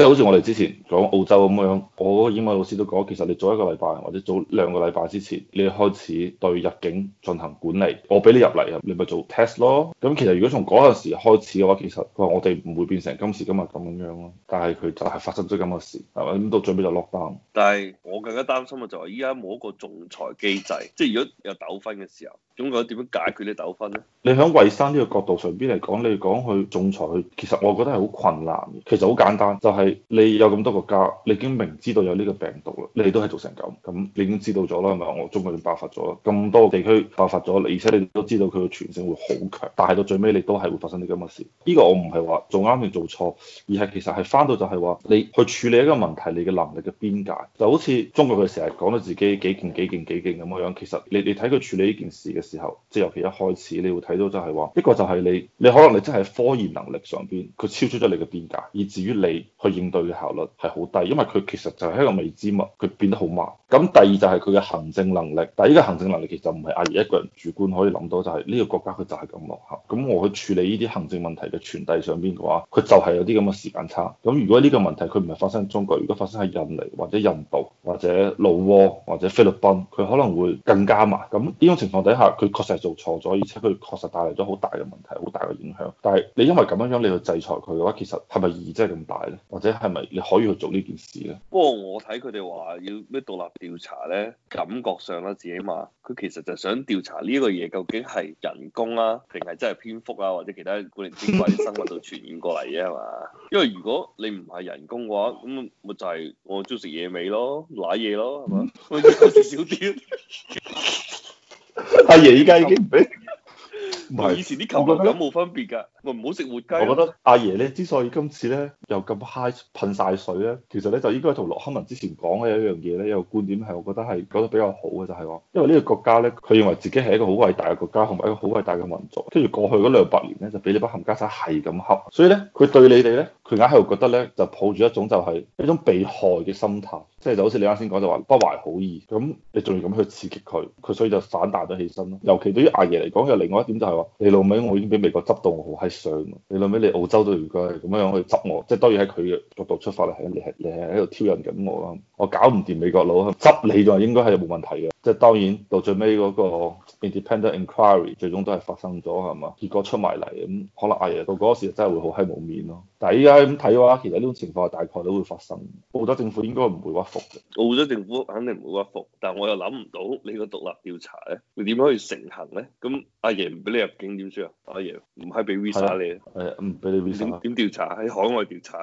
即係好似我哋之前講澳洲咁樣，我個英文老師都講，其實你早一個禮拜或者早兩個禮拜之前，你開始對入境進行管理，我俾你入嚟，你咪做 test 咯。咁其實如果從嗰陣時開始嘅話，其實佢話我哋唔會變成今時今日咁樣咯。但係佢就係發生咗咁嘅事，係咪？咁到最尾就 lockdown。但係我更加擔心就係依家冇一個仲裁機制，即係如果有糾紛嘅時候。點解點樣解決啲糾紛呢？你喺衞生呢個角度上面嚟講，你講去仲裁，其實我覺得係好困難。其實好簡單，就係你有咁多個國家，你已經明知道有呢個病毒啦，你都係做成咁，咁你已經知道咗啦，係咪？我中國已經爆發咗啦，咁多地區爆發咗，而且你都知道佢嘅傳性會好強，但係到最尾你都係會發生啲咁嘅事。呢個我唔係話做啱定做錯，而係其實係翻到就係話你去處理一個問題，你嘅能力嘅邊界就好似中國佢成日講到自己幾勁幾勁幾勁咁樣樣，其實你你睇佢處理呢件事嘅。時候即係尤其一開始，你會睇到就係話一個就係你你可能你真係科研能力上邊佢超出咗你嘅邊界，以至於你去應對嘅效率係好低，因為佢其實就係一個未知物，佢變得好慢。咁第二就係佢嘅行政能力，但係呢個行政能力其實唔係阿爺一個人主觀可以諗到、就係，就係呢個國家佢就係咁落後。咁我去處理呢啲行政問題嘅傳遞上邊嘅話，佢就係有啲咁嘅時間差。咁如果呢個問題佢唔係發生中國，如果發生喺印尼或者印度或者老撾或者菲律賓，佢可能會更加慢。咁呢種情況底下。佢確實係做錯咗，而且佢確實帶嚟咗好大嘅問題，好大嘅影響。但係你因為咁樣樣你去制裁佢嘅話，其實係咪意義真係咁大咧？或者係咪你可以去做呢件事咧？不過我睇佢哋話要咩獨立調查咧，感覺上啦，自己嘛，佢其實就想調查呢個嘢究竟係人工啊，定係真係蝙蝠啊或者其他古靈精怪嘅生物度傳染過嚟嘅係嘛？因為如果你唔係人工嘅話，咁咪就係我鍾意食野味咯，瀨嘢咯，係嘛？少啲。 阿爺而家已經唔俾，唔 係以前啲禽流感冇分別㗎，我唔好食活雞。我覺得阿爺咧之所以今次咧又咁 high 噴晒水咧，其實咧就應該同羅克文之前講嘅一樣嘢咧，有個觀點係我覺得係講得，得比較好嘅就係話，因為呢個國家咧，佢認為自己係一個好偉大嘅國家同埋一個好偉大嘅民族，跟住過去嗰兩百年咧就俾呢班冚家鏟係咁恰，所以咧佢對你哋咧。佢硬係又覺得咧，就抱住一種就係一種被害嘅心態，即係就好似你啱先講就話不懷好意，咁你仲要咁去刺激佢，佢所以就反彈咗起身咯。尤其對於阿爺嚟講，又另外一點就係話：你老味，我已經俾美國執到我好閪傷，你老味，你澳洲都而家係咁樣樣去執我，即係當然喺佢嘅角度出發咧，係你係你係喺度挑釁緊我啦。我搞唔掂美國佬，執你就應該係冇問題嘅。即係當然到最尾嗰個 Independent Inquiry 最終都係發生咗，係嘛？結果出埋嚟咁，可能阿爺到嗰時真係會好閪冇面咯。但係依家咁睇嘅話，其實呢種情況大概都會發生。澳洲政府應該唔會屈服嘅。澳洲政府肯定唔會屈服，但係我又諗唔到你個獨立調查咧，你點樣去成行咧？咁阿爺唔俾你入境點算啊？阿爺唔閪俾 visa 你啊？係唔俾你 visa，點調查？喺海外調查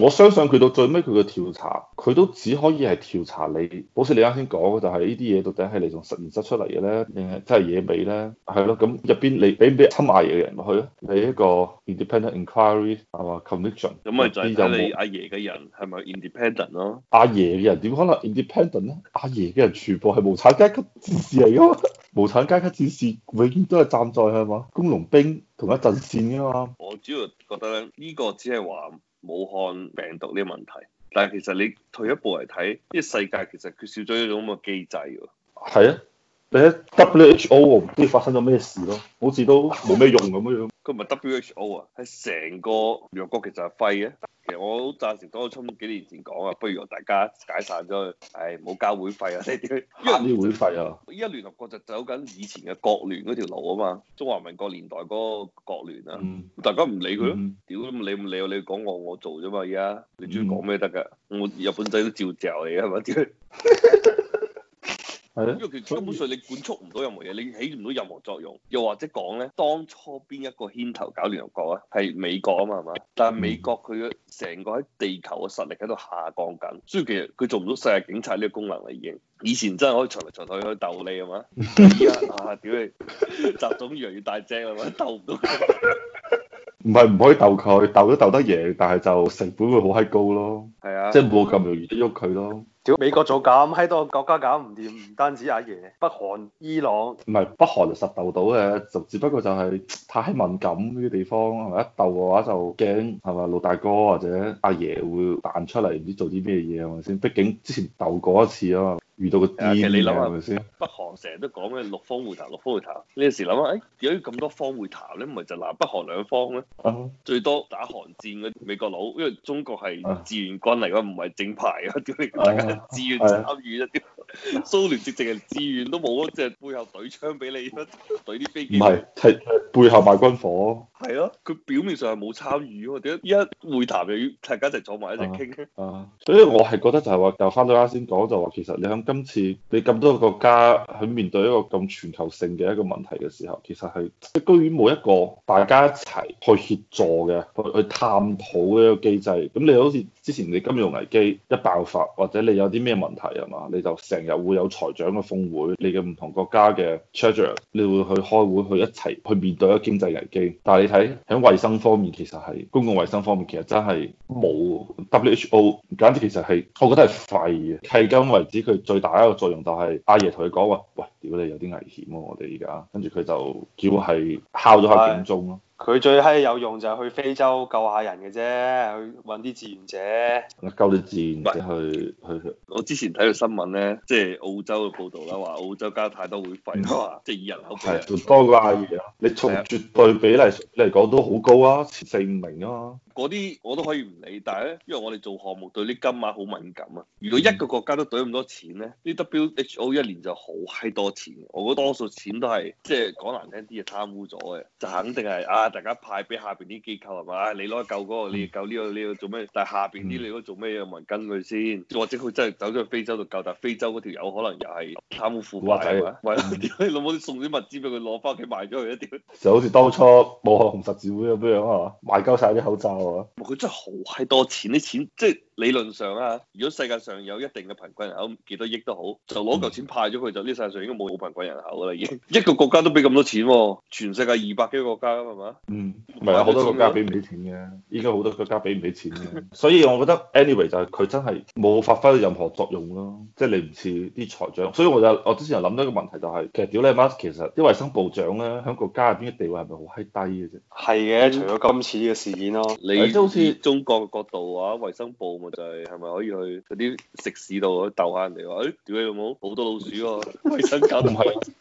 我相信佢到最尾，佢嘅調查，佢都只可以係調查你。好似你啱先講嘅，就係呢啲嘢到底係你從實驗室出嚟嘅咧，誒，真係野味咧，係咯。咁入邊你俾唔俾親阿爺嘅人咪去咧？你一個 Independent Inquiry 係嘛 Commission 咁咪就係你阿爺嘅人係咪 Independent 咯？阿爺嘅人點可能 Independent 咧？阿爺嘅人全部係無產階級戰士嚟噶嘛？無產階級戰士永遠都係站在係嘛工農兵同一陣線噶嘛？我主要覺得咧，呢個只係話。武漢病毒呢個問題，但係其實你退一步嚟睇，呢個世界其實缺少咗一種咁嘅機制喎。係啊，你喺 WHO 唔知發生咗咩事咯，好似都冇咩用咁樣。 佢咪 WHO 啊，係成個弱國其實係廢嘅。其實我好贊成川普幾年前講啊，不如大家解散咗佢，唉、哎，唔好交會費啊，啲黑會費啊。依家聯合國就走緊以前嘅國聯嗰條路啊嘛，中華民國年代嗰個國聯啊，嗯、大家唔理佢咯，屌都唔理唔理、啊，你講我我做啫嘛。而家你中意講咩得噶，嗯、我日本仔都照嚼你啊咪。 係咯，因為其根本上你管束唔到任何嘢，你起唔到任何作用。又或者講咧，當初邊一個牽頭搞聯合國啊？係美國啊嘛，係嘛？但係美國佢嘅成個喺地球嘅實力喺度下降緊，所以其實佢做唔到世界警察呢個功能啦。已經以前真係可以巡嚟巡去去鬥你啊嘛。啊！屌你，習總越嚟越大隻啊嘛，鬥唔到。唔係唔可以鬥佢， 鬥都鬥得贏，但係就成本會好閪高咯。係啊的，即係冇咁容易得喐佢咯。屌美國做咁，喺多個國家搞唔掂，唔單止阿爺、北韓、伊朗，唔係北韓就實鬥到嘅，就只不過就係太敏感呢啲地方，係咪一鬥嘅話就驚係咪老大哥或者阿爺會彈出嚟，唔知做啲咩嘢係咪先？畢竟之前鬥過一次吖嘛。遇到個癲嘅你諗下係咪先？北韓成日都講咩六方會談六方會談，欸、方會談呢？你有時諗啊，誒點解要咁多方會談咧？唔係就南北韓兩方咩？Uh huh. 最多打韓戰嗰啲美國佬，因為中國係志願軍嚟㗎，唔係正牌啊！點解大家志願參與啊？蘇聯直直係資源都冇咯，即係背後懟槍俾你，懟啲飛機。唔係，係背後賣軍火。係啊，佢表面上係冇參與咯。點解依一會談又要大家一齊坐埋一齊傾咧？啊，所以我係覺得就係話，就翻到啱先講，就話其實你響今次你咁多個國家喺面對一個咁全球性嘅一個問題嘅時候，其實係居然冇一個大家一齊去協助嘅去探討嘅一個機制。咁你好似之前你金融危機一爆發，或者你有啲咩問題啊嘛，你就成。又會有財長嘅峰會，你嘅唔同國家嘅 treasure，你會去開會去一齊去面對一經濟危機。但係你睇喺衞生方面，其實係公共衞生方面，其實真係冇 WHO，簡直其實係我覺得係廢嘅。迄今為止，佢最大一個作用就係、是、阿爺同佢講話，喂，屌你，有啲危險喎，我哋而家，跟住佢就叫係敲咗下警鐘咯。佢最閪有用就係去非洲救下人嘅啫，去揾啲志願者。救啲志願者去去是去。我之前睇到新聞咧，即、就、係、是、澳洲嘅報導啦，話澳洲交太多會費，即係、嗯、以人口計，嗯、仲多過阿爺。嗯、你從絕對比例嚟講都好高啊，四五名啊。嗰啲我都可以唔理，但係咧，因為我哋做項目對啲金額好敏感啊。如果一個國家都攤咁多錢咧，啲、嗯、WHO 一年就好閪多錢。我覺得多數錢都係即係講難聽啲係貪污咗嘅，就肯定係啊。大家派俾下邊啲機構係嘛？你攞嚿嗰個，嗯、你救呢、這個，你、這個、做咩？但係下邊啲你嗰做咩嘢？問跟佢先，或者佢真係走咗去非洲度救，但係非洲嗰條友可能又係貪污腐敗啊！你老母送啲物資俾佢攞翻屋企賣咗佢一條。就好似當初武漢紅十字會咁樣啊嘛，賣鳩晒啲口罩啊！佢、嗯、真係好閪多錢，啲錢即係、就是、理論上啊，如果世界上有一定嘅貧困人口幾多億都好，就攞嚿錢派咗佢，嗯、就呢世界上應該冇貧困人口啦已經。 一個國家都俾咁多錢、啊，全世界二百幾個國家咁係嘛？嗯，唔係有好多國家俾唔起錢嘅，依家好多國家俾唔起錢嘅， 所以我覺得 anyway 就係佢真係冇發揮到任何作用咯，即係你唔似啲財長，所以我就我之前又諗到一個問題就係、是，其實屌你媽，ars, 其實啲衞生部長咧喺國家入邊嘅地位係咪好閪低嘅啫？係嘅，除咗今次嘅事件咯，你都好似中國嘅角度啊，衞生部咪就係係咪可以去嗰啲食肆度鬥下人哋話，誒屌你老母，好多老鼠喎、啊，衞生搞唔係。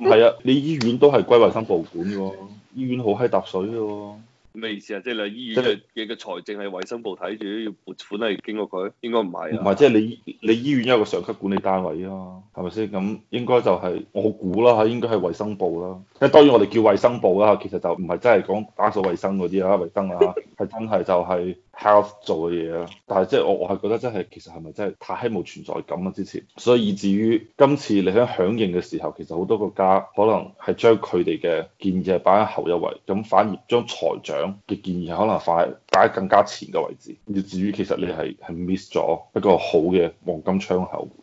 唔係啊，你醫院都係歸衞生部管嘅喎，醫院好閪揼水嘅喎、啊。咩意思啊？即係你醫院嘅嘅財政係衞生部睇住，要撥款係經過佢，應該唔係、啊。唔係，即、就、係、是、你你醫院有個上級管理單位啊，係咪先？咁應該就係、是、我估啦嚇，應該係衞生部啦。即係當然我哋叫衞生部啦、啊，其實就唔係真係講打掃衞生嗰啲啊。衞生啊嚇，係 真係就係、是。health 做嘅嘢啦，但係即係我我係覺得真係其實係咪真係太希望存在感啊？之前，所以以至於今次你喺響應嘅時候，其實好多國家可能係將佢哋嘅建議係擺喺後一位，咁反而將財長嘅建議可能放喺擺喺更加前嘅位置，以至於其實你係係 miss 咗一個好嘅黃金窗口。